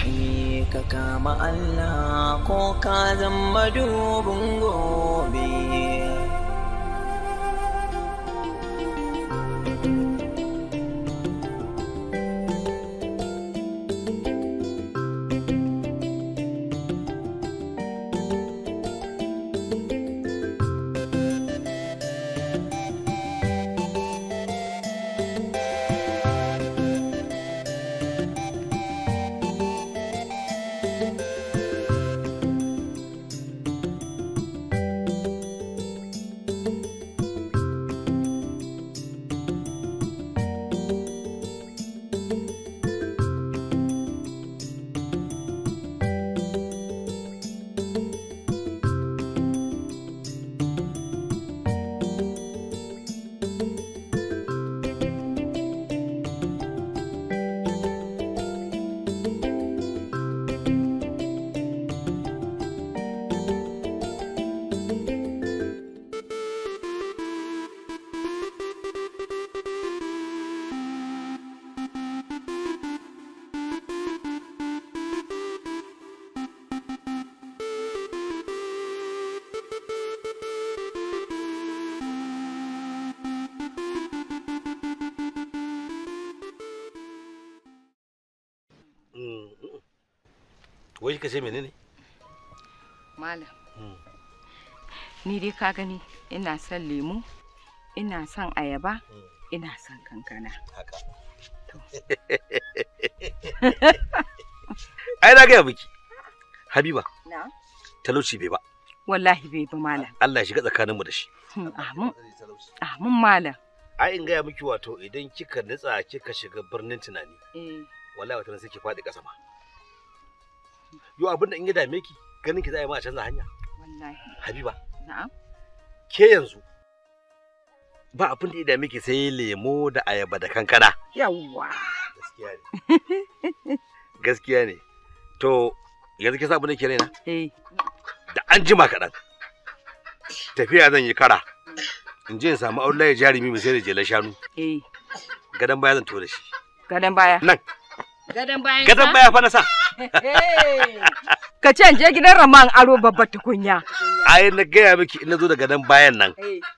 kai ka kama Allah ko ka zama dubin gobe. ka ce ne? malam hmm. ni dai ka gani ina son lemu ina son ayaba hmm. ina son kankana haka ai na gaya miki habiba na talauci bai ba wallahi bai ba malam Allah ya shiga tsakaninmu da shi hmm, amin amin malam ai in gaya miki wato idan kika nutsa kika shiga birnin tunani eh. wallahi wata sai ki faɗi ƙasa ma yo abin da in ya dame ki ganin ki za a yi ma a canza hanya wallahi habiba na'am ke yanzu ba abin da ya dame ki sai lemo da ayaba da kankana yawa gaskiya ne gaskiya ne to yanzu ke da ke raina eh. da an jima kaɗan tafiya zan yi kara in je in samu aure jarumi mu sai da jelar shanu eh. gadon baya zan tura shi gadan baya nan Gadon bayan Gadon baya fa na sa. Ka ce je gidan Raman aro babbar tukunya. Ai na gaya miki in nazo da gadon bayan nan.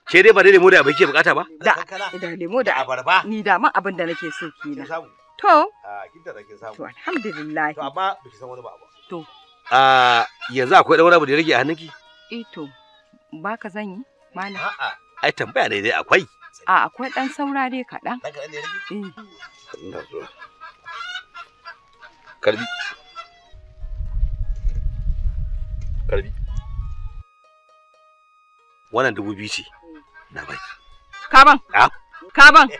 Ke dai ba dai lemo da abin ke bukata ba? Da da lemo da abarba. Ni da man abin da nake so kenan. To. Ah kinta da kin samu. To alhamdulillah. To amma biki san wani ba ba. To. Ah yanzu akwai dan wani abu da rage a hannunki? Eh to. Ba ka zan yi? Malam. A'a. Ai tambaya ne dai akwai. A akwai dan saura dai kaɗan. Daga ne rage? Eh. karbi karbi wannan dubu biyu ce na baki kaban kaban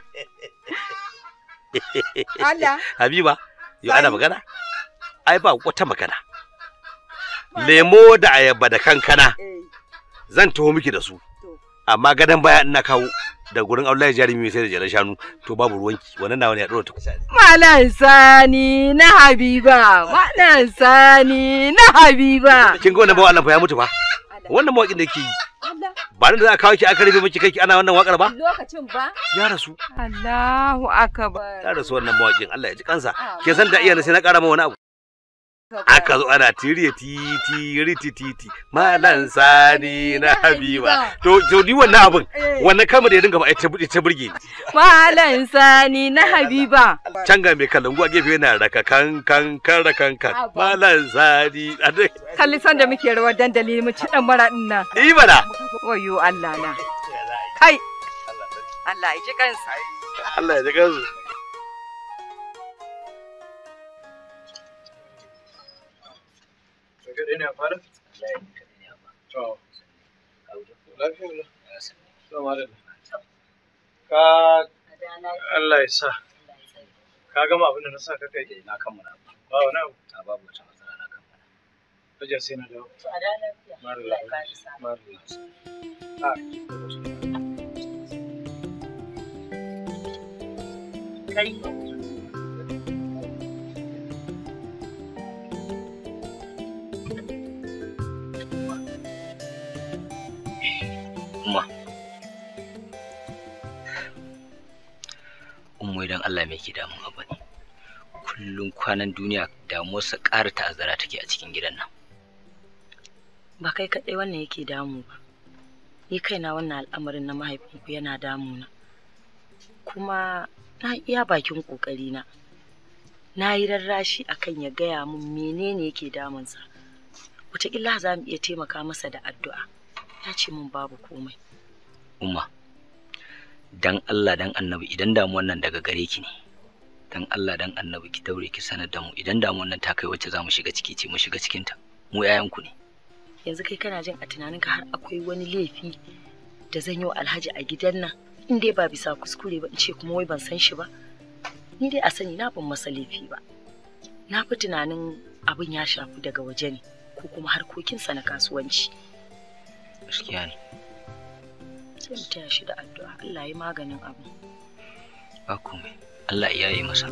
Allah habiba yau ana magana ai ba wata magana lemo da ayaba da kankana eh. zan taho miki da su amma gadon baya ina kawo da gurin Allah ya jarumi sai da jalan shanu to babu ruwanki wannan nawa ne ya dora ta malan sani na habiba malan sani na habiba kin ga wannan bawa Allah fa ya mutu fa wannan mawakin da ke yi ba da za a kawo ki aka rufe miki kai ana wannan wakar ba lokacin ba ya rasu Allahu akbar ya rasu wannan mawakin Allah ya ji kansa ke san da iyana sai na kara ma wani abu aka zo ana tiri titi riti titi malan sani na habiba to to ni wannan abin eh. wannan kama da ya dinga ma'aikata eh, buɗe ta burge malan sani na habiba can ga mai kallon a gefe yana raka kan kan kan rakan kan malan sani kalli san da muke rawar dandali mu ci dan mara din nan eh bana wayo Allah na kai Allah ya ji kansa Allah ya ji kansa Ka Allah ya sa. Ka gama abin da na sa ka kai. Eh, na kammala. Ba wani babu wata matsala na kammala. Wajen sai na dawo. To a da lafiya. Mara lafiya. Mara lafiya. Kai. umma umma idan Allah mai ke damun abu ne kullum kwanan duniya damuwarsa ƙara ta'azzara take a cikin gidan nan ba kai kaɗai wannan yake damu ba ni kaina wannan al'amarin na mahaifinku yana damuna kuma na iya bakin ƙoƙarina na yi rarrashi akan ya gaya mun menene yake damunsa wataƙila za mu iya taimaka masa da addu'a ya ce min babu komai umma dan Allah dan annabi idan damuwan nan daga gare ki ne dan Allah dan annabi ki daure ki sanar da mu idan damuwan nan ta kai wacce za mu shiga ciki ce mu shiga cikinta mu yayanku ne yanzu kai kana jin a tunaninka har akwai wani laifi da zan yi wa alhaji a gidan nan in dai ba bisa kuskure ba in ce kuma wai ban san shi ba ni dai a sani na ban masa laifi ba na fi tunanin abin ya shafi daga waje ne ko kuma harkokinsa na kasuwanci gaskiya ne sai mu taya shi da addu'a Allah ya yi maganin abu ba komai Allah ya yi masa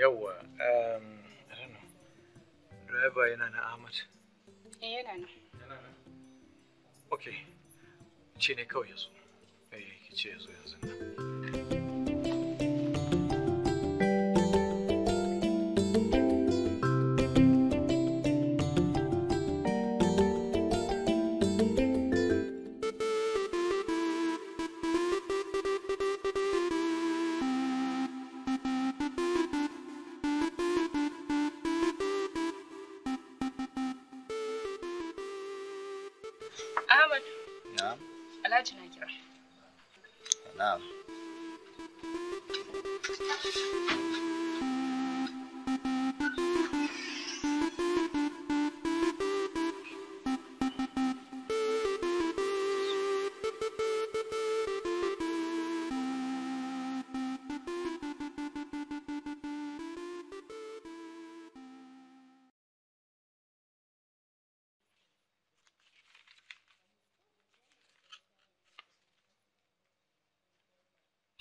Yawwa, um, I don't know. Driver yana na Ahmad. Eh, yana nan. Yana na, Okay. Ce ne kawai yazo. Eh, ki ce yazo yanzu nan.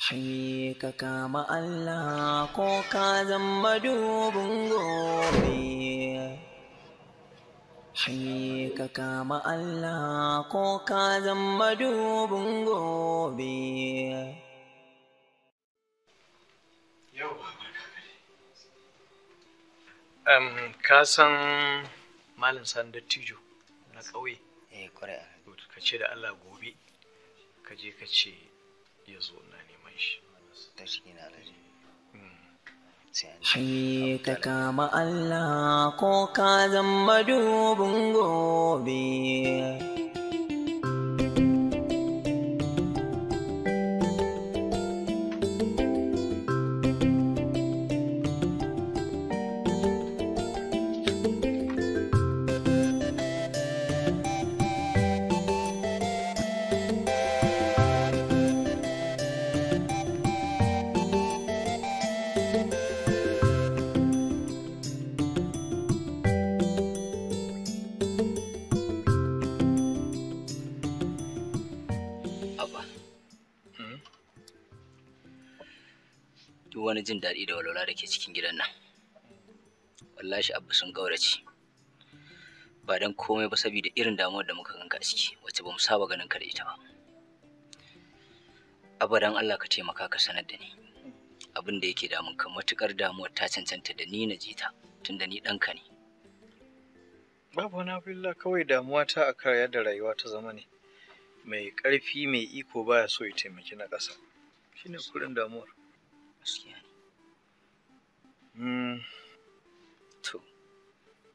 Shi ka kama Allah ko ka zama dubin gobe. Shi ka kama Allah ko ka zama dubin gobe. Yau Um, ka san Malam Sandar Tijo na ƙauye. Eh, ƙwarai. Ka ce da Allah gobe, ka je ka ce ya zo na Shi ka kama Allah ko ka zama dubin gobe. wani jin daɗi da walwala da ke cikin gidan nan wallahi abu sun ƙaurace ba don komai ba saboda irin damuwar da muka ganka a ciki wacce ba mu saba ganin ka da ita ba abadan Allah ka taimaka ka sanar da ni abin da yake damun ka matukar damuwar ta cancanta da ni na ji ta tunda ni ɗanka ne babu wani abin kawai damuwa ta a kar da rayuwa ta zama ne mai ƙarfi mai iko baya so ya taimaki na ƙasa shine kurin damuwar gaskiya Mm. To,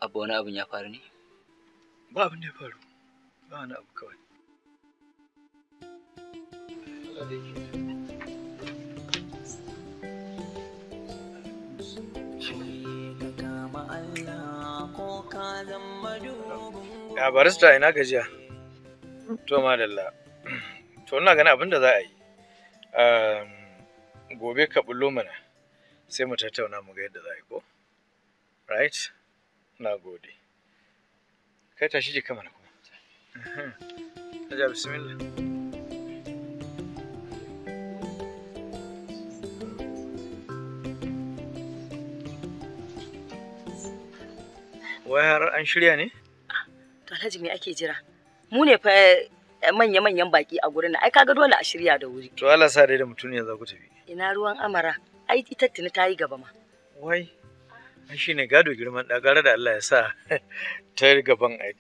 abu wani abin ya faru ne? Ba abin da ya faru, ba wani abu kawai. Ya barista ina gajiya. To madalla. To ina ganin abin da za a yi. Ehm, gobe ka bullo mana. sai mu tattauna mu ga yadda za a yi ko right na gode kai tashi kama na kuma Hajja bismillah Wai har an shirya ne? To Alhaji me ake jira? Mu ne fa eh, manya-manyan baki a gurin ai kaga dole a shirya da wuri. To Allah sa dai da mutum yanzu za ku tafi. Ina ruwan amara. ai ita tuni ta yi gaba ma wai shi ne gado girman ɗagara da Allah ya sa ta yi gaban ai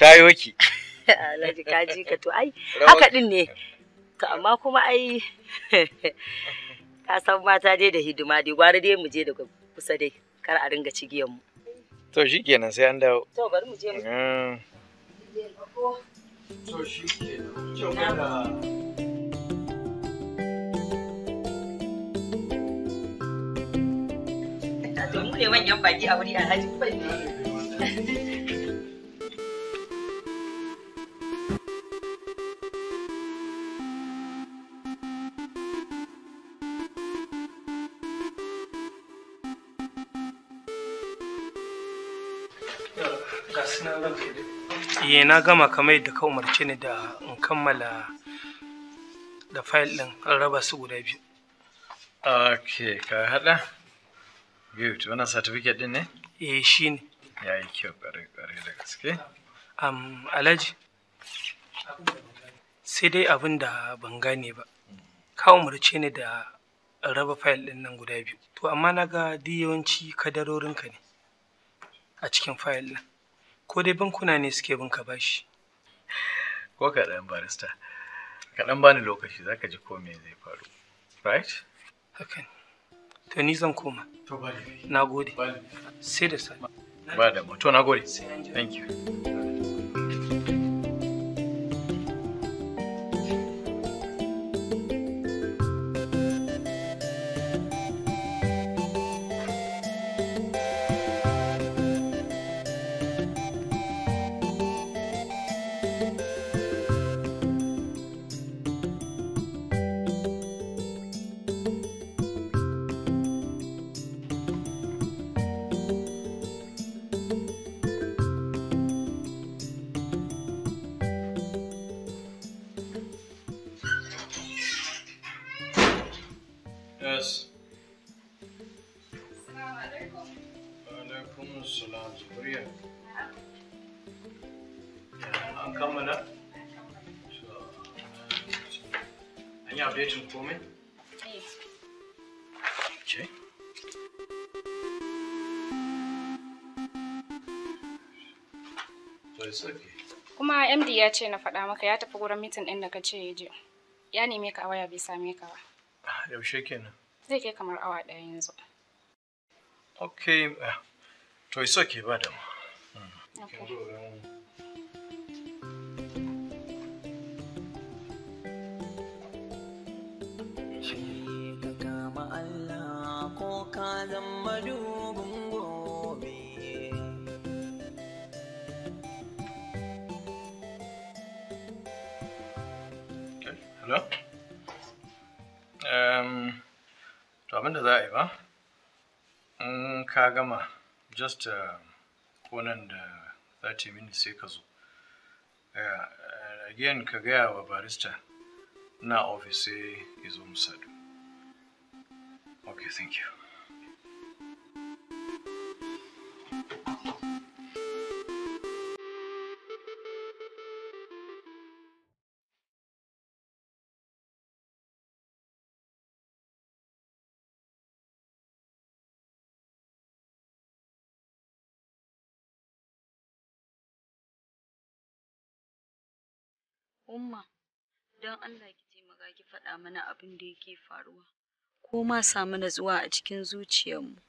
ta yi waki alhaji kaji ka to ai haka din ne to amma kuma ai ka san mata dai da hidima dai gwara dai mu je daga kusa dai kar a ringa cigiyan mu to kenan sai an dawo to bari mu je mu mm. to to mu ne manyan baki a wuri alhaji bai eh, Iye na gama kamar yadda ka umarci ni da in kammala da fayil ɗin raba su guda biyu. Ok, ka haɗa? Good. Wannan certificate din ne? Eh, shi ne. Ya yi kyau ƙwarai da gaske. Um, Alhaji, sai dai abin da ban gane ba. Ka umarce ni da raba fayil ɗin nan guda biyu. To, amma na ga yawanci kadarorinka ne a cikin fayil ɗin. Ko dai bankuna ne suke bin ka bashi. Ko kaɗan barista. Kaɗan bani lokaci za ka ji ko me zai faru. Right? Hakan. Okay. To ni zan koma. To bari. Na gode. Sai da sai. Ba da to na gode. Thank you. an kammala an yi updating komai okay. kuma md ya ce na faɗa maka ya tafi gurin mitin ɗin da ka ce ya je ya neme ka waya bai same ka ba ah, yaushe kenan zai kai kamar awa ɗaya yanzu ok ah, to is ke ba damu Okay. Allah ko ka zama dubin gobe. Hello? Um, to abinda za a yi ba? In ka gama, just uh, da 30 minutes sai ka zo eh, eh, again ka gaya wa barista na office sai ya zo mu sadu thank you al’umma don Allah ki taimaka ki faɗa mana abin da yake faruwa, ko ma samu natsuwa a cikin zuciyarmu.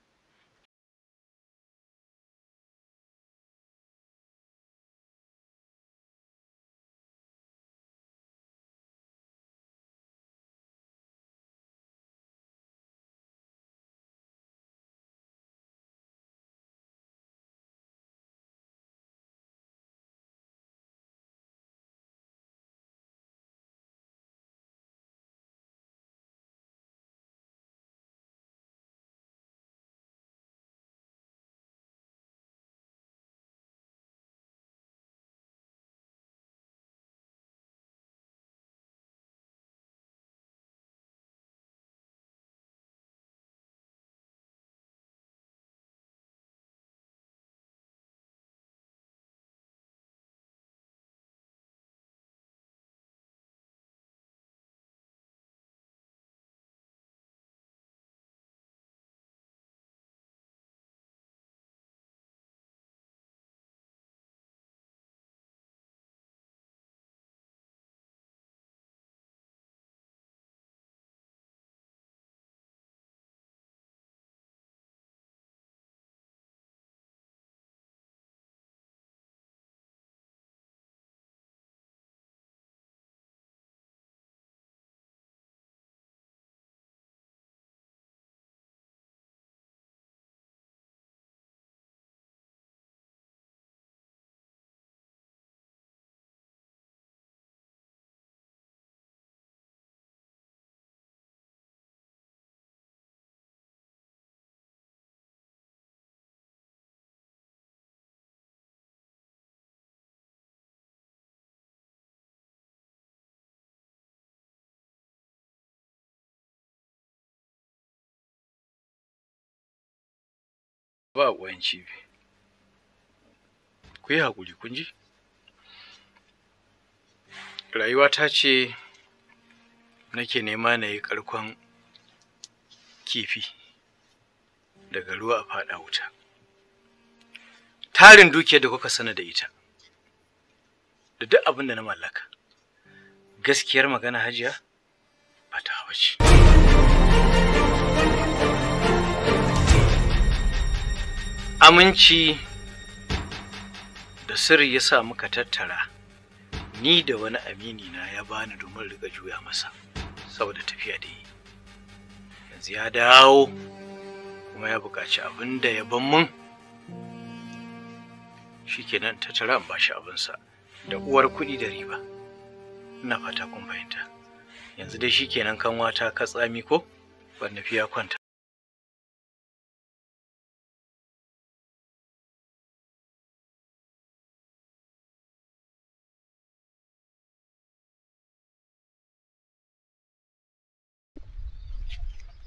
ba ƙwayan cibi ku yi haƙuri kun ji rayuwa ta ce nake nema na yi ƙarkon kifi daga ruwa a faɗa wuta tarin dukiyar da kuka sana da ita da duk abin da na mallaka gaskiyar magana hajiya ba ta hawa ce aminci da sirri ya sa muka tattara ni da wani amini na ya bani domin riga juya masa saboda tafiya da yi yanzu ya dawo kuma ya buƙaci abin da ya ban mun shikenan tattara an bashi abinsa da uwar kuɗi da riba ina fata kun fahimta yanzu dai shikenan wata ka tsami ko ban ya kwanta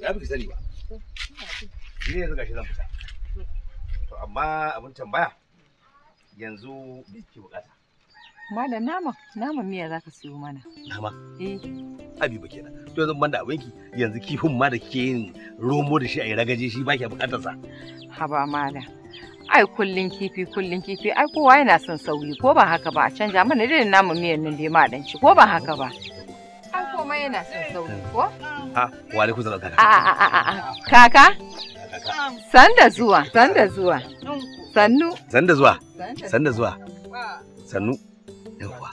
ya fi sani ba ne yanzu gashi zan fita to amma abin tambaya yanzu me ke bukata mala nama nama miya zaka siyo mana nama eh abi habiba kenan to yanzu banda abinki yanzu kifin ma da kike yin romo da shi a ragaje shi ba ke bukatar sa haba mala ai kullun kifi kullun kifi ai kowa yana son sauyi ko ba haka ba a canja mana irin nama miyan nan dai ma dan ci ko ba haka ba kuma yana son sauri ko? Ah, kaka. Ah, ah, kaka? Sanda zuwa, zuwa. Sannu. Sanda zuwa. Sanda zuwa. Sannu. Yawwa.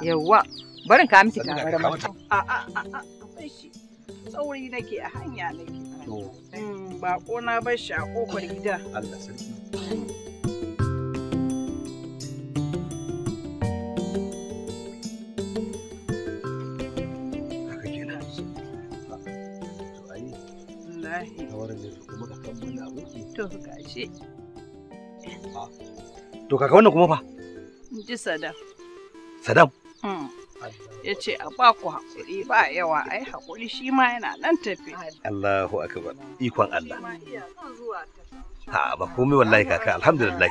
Yawwa. Barin ka miki kabar mata. A a a Sauri nake a hanya nake. Hmm, ba shi a kofar gida. Allah sarki. shawarar da kuma ka kan wani to ah. to wannan kuma fa ji sadam sadam hmm. ya ce a ba ku haƙuri ba yawa ai haƙuri shi ma yana nan tafi. Allahu akbar ikon Allah. Ha ba komai wallahi kaka alhamdulillah.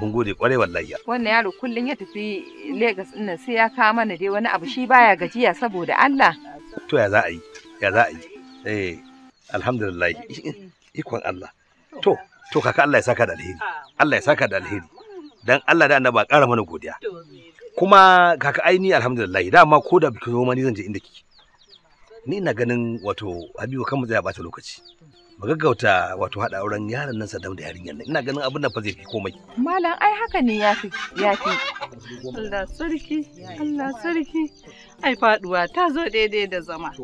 Mun gode kware wallahi. Wannan yaro kullum ya tafi Legas din nan sai ya kawo mana dai wani abu shi baya gajiya saboda Allah. To ya za a yi? Ya za a yi? Eh alhamdulillah ikon Allah to to kaka Allah ya saka da alheri Allah ya saka da alheri dan Allah da annaba kara mana godiya kuma kaka aini alhamdulillah dama ko da biki zo ma ni zan je inda kike ni ina ganin wato Habibu kan mu zai bata lokaci magaggauta wato hada auren yaran nan Saddam da yarinyar nan ina ganin abin nan fa zai fi komai malam ai haka ne ya fi Allah sarki Allah sarki ai faduwa ta zo daidai da zama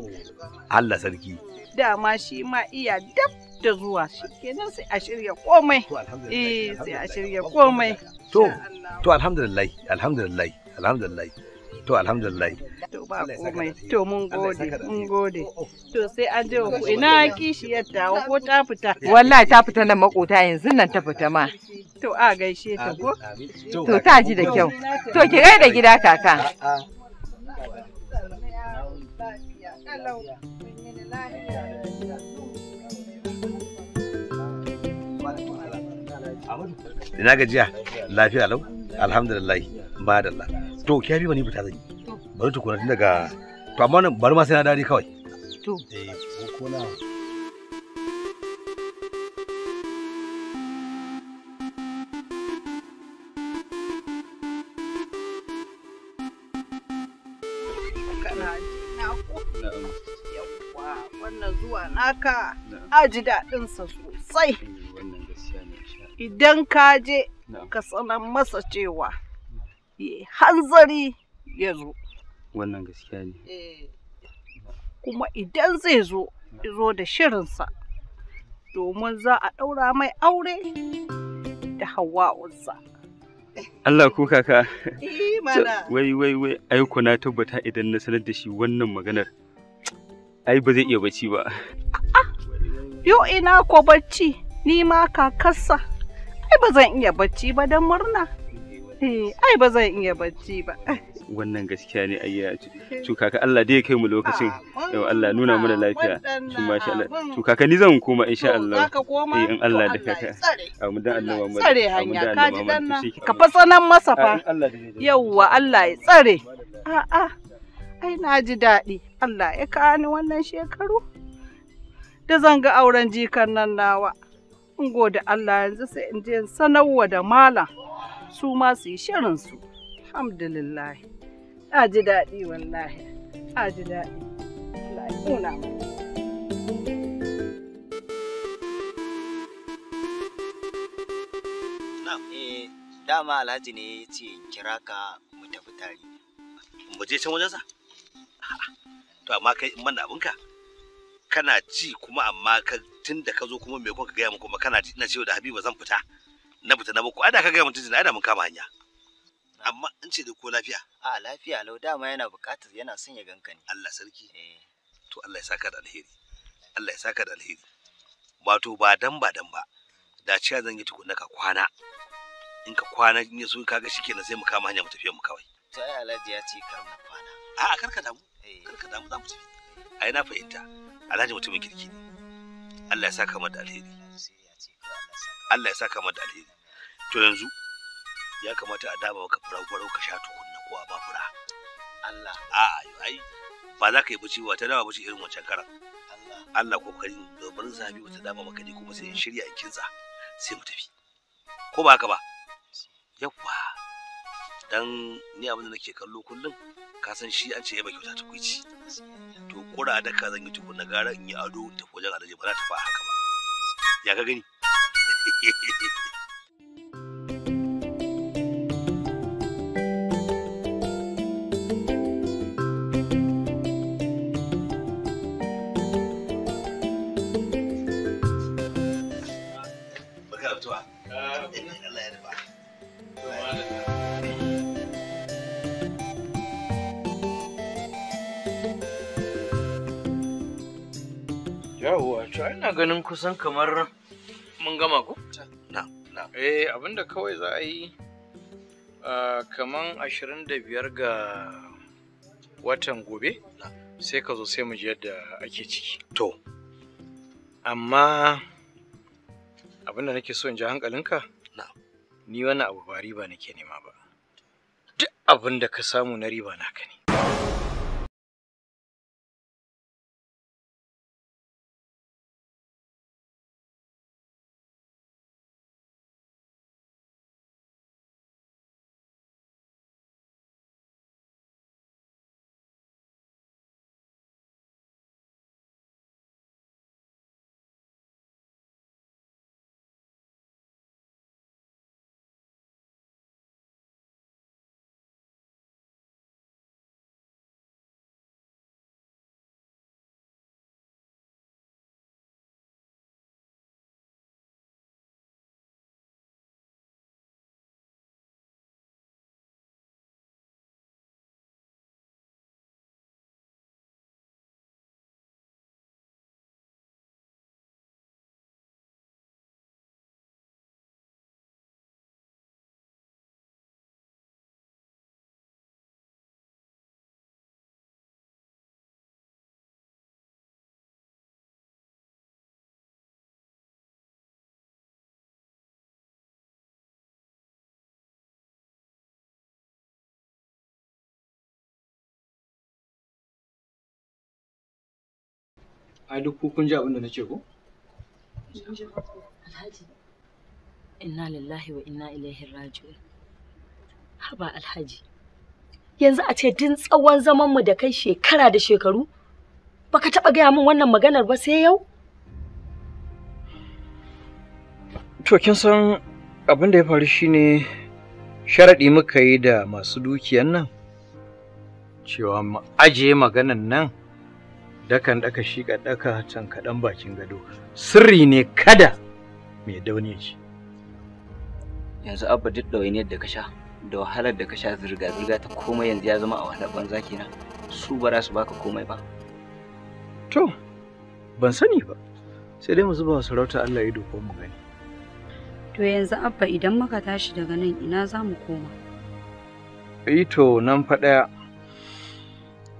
Allah sarki dama shi ma iya dab da zuwa shi kenan sai a shirya komai eh sai a shirya komai to to alhamdulillah alhamdulillah alhamdulillah to alhamdulillah to ba komai to mun gode mun gode oh, oh. to sai an je ku ina kishiyar dawo ko ta fita wallahi ta fita nan makota yanzu nan ta fita ma to a gaishe ta ko to ta ji da kyau to ki da gida kaka ina gajiya lafiya lau alhamdulillah ba da Allah to ki bi wani fita zai bari tukuna tun daga to amma bari ma sai na dare kawai to eh ko na haka a ji daɗinsa sosai eh, idan ka je ka sanar masa cewa hanzari ya zo wannan gaskiya ne eh, kuma idan zai zo zo da shirinsa domin za a ɗaura mai aure da hawa'unsa. Allah ku kaka. Eh, wai wai wai aiko na tabbata idan na sanar da shi wannan maganar ai ba zai iya bacci ba yo ina ko bacci ni ma kakarsa ai ba zan iya bacci ba don murna eh, ai ba zan iya bacci ba wannan gaskiya ne ayya eh. to kaka Allah dai kai mu lokacin ah, yau Allah nuna mana lafiya to masha Allah to kaka ni zan koma insha Allah eh in Allah da kaka amin ah, dan Allah Muhammad tsare ah, hanya ka ji dan ka fasanan masa fa Yauwa Allah ya tsare a a ai na ji daɗi Allah ya ka ni wannan shekaru da zan ga auren jikan nan nawa. In gode Allah yanzu sai in je sanarwa da malam su ma su yi shirin su. Alhamdulillah. A ji daɗi wallahi. A ji daɗi. Allah ya eh, dama alhaji ne ya ce kira ka mu tafi tare mu je can wajensa to amma kai in manna abinka kana ci kuma amma ka tun da ka zo kuma me ka gaya mu kuma kana ji ina cewa da Habiba zan fita na fita na bako ada ka gaya mutum ada mun kama hanya amma in ce da ko lafiya a lafiya lau dama yana buƙatar yana son ya ganka ni Allah sarki eh. to Allah ya saka da alheri Allah ya saka da alheri wato ba dan ba dan ba da ciya zan yi tukunna ka kwana in ka kwana in ya so kaga shikenan sai mu kama hanya mu tafi mu kawai to ai Alhaji ya ce kar mu kwana a'a kar ka damu Eh, ka damu za ku tafi ai na fahimta alhaji mutumin kirki ne Allah ya saka mata da alheri Allah ya saka mata da alheri to yanzu ya kamata a dama maka farau farau ka sha tukunna ko a ba fura Allah a ai ba za ka yi bici ba ta dawa bici irin wancan karan Allah kokarin domin zabi wata dama maka ne kuma sai in shirya in kinsa sai mu tafi ko ba haka ba yawwa dan ni abin da nake kallo kullum Kasan shi an ce ya eh, ba ta kuici to kura da ka zan yi tukun na gara in yi ado ta wajen alaji ba za ta fa haka ba ya ka gani Thank ah. you. To ina ganin kusan kamar mun gama ku. Na. Na. Eh abinda kawai za a yi da biyar ga watan gobe sai ka zo sai mu ji yadda ake ciki. To. Amma abinda nake so in ji hankalinka? Na. Ni wani abu ba riba nake nema ba. Duk abinda ka samu na riba naka ne. ai duk kun ji abin da nace ko inna lillahi wa inna ilaihi raji'un haba alhaji yanzu a ce tun tsawon zaman mu da kai shekara da shekaru baka taba gaya min wannan maganar ba sai yau to kin san abin da ya faru shine sharaɗi muka yi da masu dukiyan nan cewa mu ajiye maganan nan dakan daka shi daka can kaɗan bakin gado sirri ne kada mai daune ci yanzu abba duk ne da ka sha da wahalar da ka sha zirga-zirga ta komai yanzu ya zama a wahalar banza kenan su ba za su baka komai ba to ban sani ba sai dai mu zuba wa sarauta Allah ido ko mu gani to yanzu abba idan muka tashi daga nan ina za mu koma eh to nan fa daya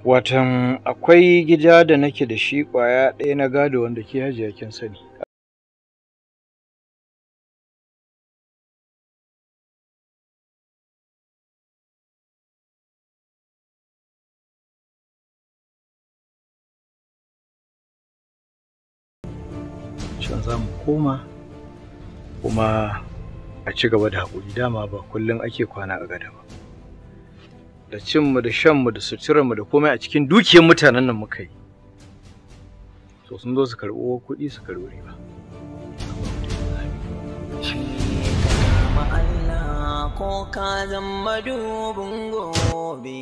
Watan akwai gida da nake da shi ƙwaya ɗaya na gado wanda ke hajiyakin kin sani. Shin za mu koma kuma a ci gaba da haƙuri dama ba kullum ake kwana a gada ba. da cinmu da shanmu da suturarmu da komai a cikin dukiyar mutanen nan muka yi to sun zo su karɓo kuɗi su karɓo riba ko ka zama dubin gobe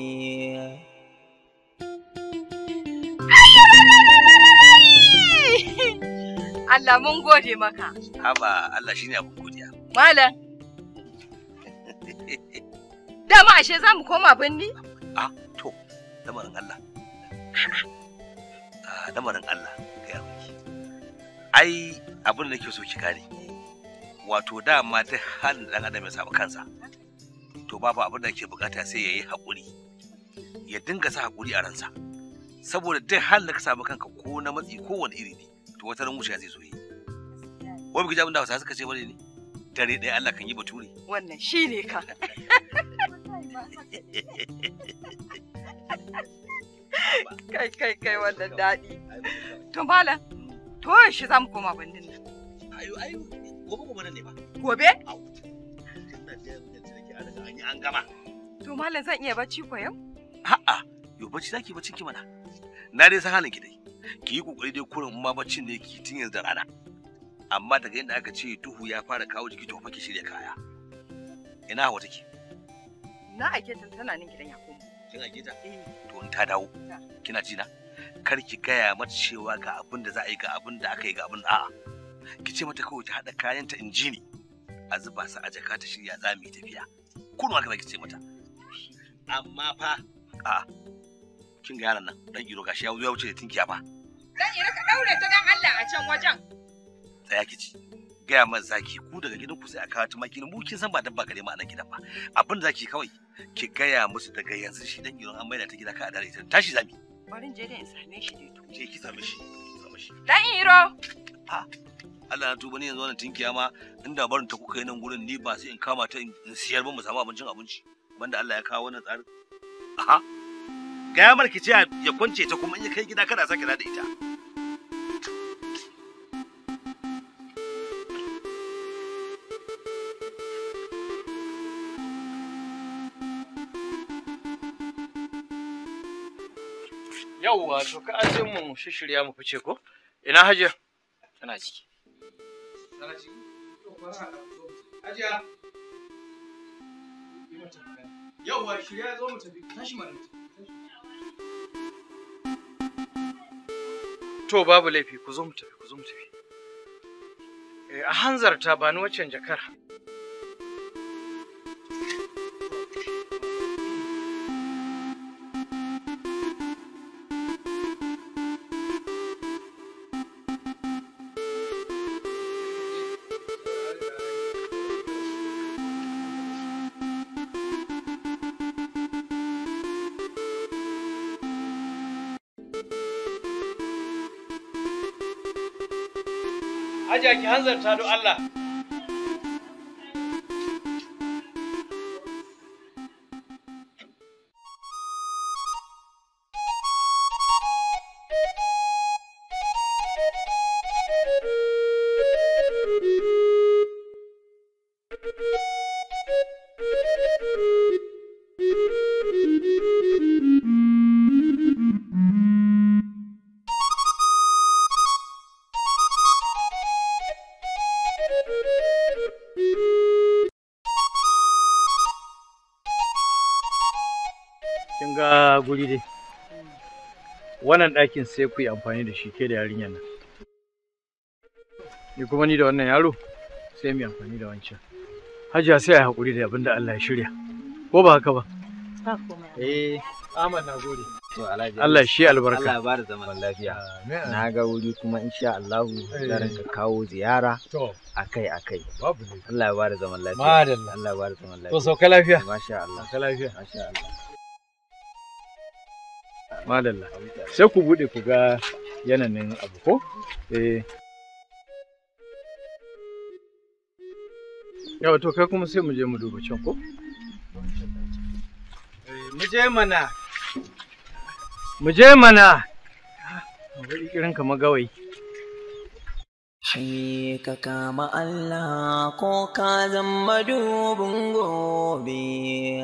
Allah mun gode maka. Haba Allah shine abin godiya. Malam. Dama ashe za mu koma birni? A to, lamarin Allah. Lamarin Allah ga yarwaki. Ai abin da nake so ki gane. Wato dama ta halin dan adam ya samu kansa. To babu abin da ke bukata sai ya yi haƙuri. Ya dinga sa haƙuri a ransa. Saboda duk hali da ka samu kanka ko na matsi ko wani iri ne. To wata ran wuce zai zo yi. Wai biki ji da Hausa suka ce bane ne? Dare ɗaya Allah kan yi bature. Wannan shi ne ka. kai kai kai wannan daɗi to malam to shi za mu koma bandin nan ayo ayo gobe gobe nan ne ba gobe an gama to malam zan iya bacci ko yau a'a yo bacci zaki bacci ki mana na dai san halin ki dai ki yi kokari dai kurin ma baccin ne ki tun yanzu da rana amma daga inda aka ce duhu ya fara kawo jiki to fa ki shirya kaya ina hawa take Na a ta tana nan gidan Yakubu. Kin aike ta? Eh. To in ta dawo. Kina ji na? Kar ki gaya mata cewa ga abin da za a yi ga abin da aka yi ga abin a'a. Ki ce mata kawai ta haɗa kayanta in ji ni. A zuba su a jaka ta shirya za mu yi tafiya. Kun ma ki ce mata. Amma fa a'a kin ga yaran nan dan iro gashi ya wuce da tinkiya fa. Dan iro ka daure ta dan Allah a can wajen. Tsaya ki ci. gaya man zaki ku daga gidan ku sai a kawo tumaki mu kin san ba dabba gare mu a nan gidan ba abin da zaki kawai ki gaya musu daga yanzu shi dan gidan an maida ta gida ka a dare tashi zami bari je da in same shi dai to je ki same shi same shi dan iro ha Allah na tuba ni yanzu wannan tinkiya ma inda barin ta kuka yi nan gurin ni ba sai in kama ta in siyar ba mu samu abincin abinci banda Allah ya kawo wannan tsarin aha gaya marki ce ya kwance ta kuma in ya kai gida kada sake da ita Yawwa, to ka aje mu shishirya mu fice ko? Ina hajiya? Tana ciki. Tana ciki? To bara hajiya. Yawwa, shirya zo mu tafi. Tashi mana. To babu laifi ku zo mu tafi, ku zo mu tafi. Eh, a hanzarta ba ni waccan jakar. Hajiya ki hanzarta don Allah. ɗakin sai ku yi amfani da shi ke da yarinyar nan ni kuma ni da wannan yaro sai mu yi amfani da wancan hajiya sai a yi haƙuri da abin da Allah ya shirya ko ba haka ba eh Ahmad na gode Allah shi albarka Allah zaman lafiya na ga wuri kuma insha Allah eh. zan ka kawo ziyara akai akai Allah kai. zaman lafiya Allah ya bada zaman lafiya to sauka lafiya masha Allah sauka lafiya masha Allah madalla sai ku bude ku ga yananin abu ko eh yawa to kai kuma sai mu je mu duba can ko eh, mu je mana mu je mana wani irin kama gawai Shi ka kama Allah ko ka zama dubin gobe.